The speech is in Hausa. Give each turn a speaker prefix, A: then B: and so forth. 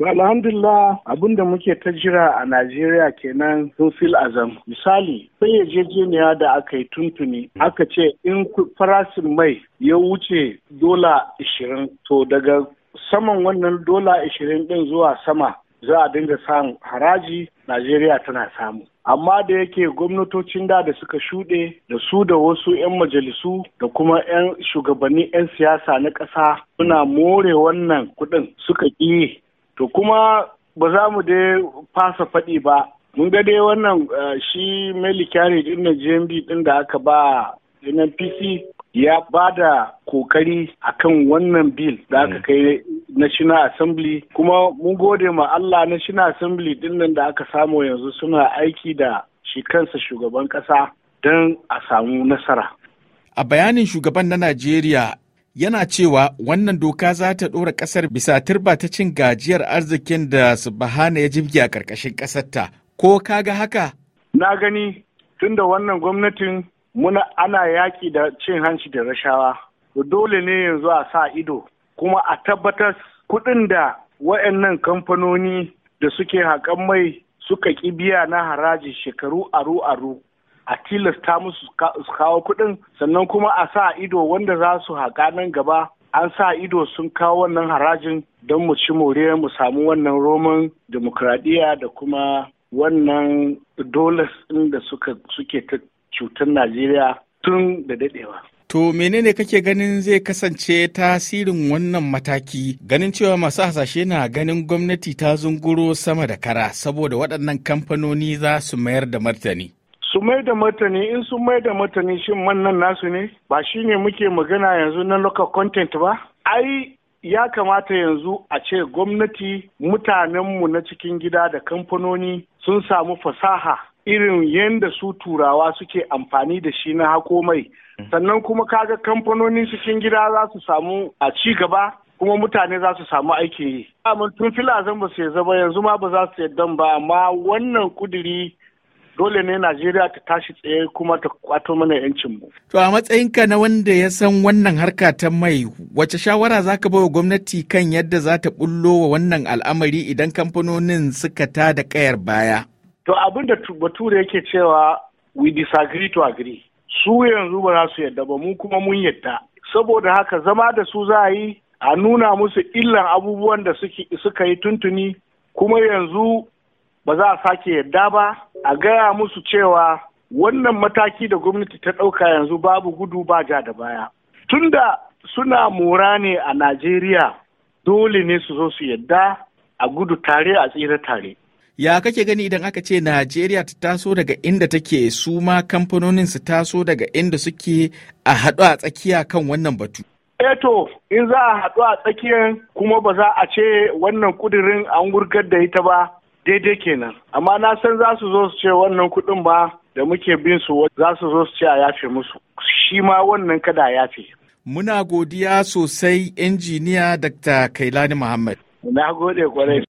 A: Ba alhamdulillah abin da muke ta jira a Najeriya kenan fil azam. Misali sai yarjejeniya da aka yi tuntuni aka ce in farasin mai ya wuce dola ashirin. to daga saman wannan dola ishirin ɗin zuwa sama za a dinga samun haraji Najeriya tana samu. Amma da yake gwamnatocin da da suka shuɗe da su da wasu 'yan majalisu da kuma 'yan shugabanni 'yan siyasa na ƙasa suna more wannan kuɗin suka ƙi To kuma ba za mu dai fasa faɗi ba. Mun ga dai wannan eh, shi mai Carriage ɗin na GMB ɗin da aka ba NNPC ya ba da kokari a kan wannan bil da aka mm. kai National Assembly kuma mun gode ma Allah National Assembly din nan da aka samu yanzu suna aiki da shi kansa shugaban ƙasa don a samu nasara.
B: A bayanin shugaban na Najeriya yana cewa wannan doka za ta ɗora ƙasar bisa turba ta cin gajiyar arzikin da subhana ya jibge a ƙarƙashin ƙasarta ko ka ga haka na gani
A: tunda wannan gwamnatin muna ana yaƙi da cin hanci da rashawa dole ne yanzu a sa ido kuma a tabbatar kuɗin da waɗannan kamfanoni da suke haƙan mai suka ƙi biya na haraji shekaru aru-aru a tilasta musu su kawo kuɗin sannan kuma a sa ido wanda za su haƙa nan gaba an sa ido sun kawo wannan harajin don mu ci more mu samu wannan roman demokradiyya da kuma wannan dolas ɗin da suke ta cutar najeriya tun da daɗewa.
B: To menene kake ganin zai kasance tasirin wannan mataki ganin cewa masu hasashe na ganin gwamnati ta zunguro sama da kara saboda waɗannan kamfanoni za su mayar da martani.
A: su mai da martani in sun mai da martani shin mannan nasu ne ba shi ne muke magana yanzu na local content ba ai ya kamata yanzu a ce gwamnati mutanenmu na cikin gida da kamfanoni sun samu fasaha irin yadda su turawa suke amfani da shi na hako mai mm. sannan kuma kaga kamfanonin cikin gida za su samu a ci gaba kuma mutane za su samu aiki. yi. Amma tun filazan ba su ba yanzu ma ba za su yadda ba amma wannan kuduri dole ne Najeriya ta tashi tsaye kuma ta kwato mana 'yancin mu.
B: To a matsayinka na wanda ya san wannan harka ta mai wace shawara za ka bawa gwamnati kan yadda za ta bullo wa wannan al'amari idan kamfanonin suka ta da kayar baya?
A: To abin da bature yake cewa we disagree to agree. Su yanzu ba za su yadda ba mu kuma mun yadda. Saboda haka zama da su za a yi a nuna musu illan abubuwan da suka yi tuntuni kuma yanzu ba za a sake yadda ba a gaya musu cewa wannan mataki da gwamnati ta ɗauka yanzu babu gudu ba ja da baya tunda suna mora ne a najeriya dole ne su zo su yadda a gudu tare a tsira tare
B: ya kake gani idan aka ce najeriya ta taso daga inda take su ma kamfanonin su taso daga inda suke a haɗu a tsakiya kan wannan batu
A: eto eh in za a haɗu a tsakiyar kuma ba za a ce wannan kudirin an gurgar da ita ba daidai kenan amma na san za su zo su ce wannan kuɗin ba da muke bin su za su zo su ce a yafe musu shi ma wannan kada a yafe.
B: Muna godiya sosai injiniya Dr. Kailani Muhammad.
A: Na gode kwarai.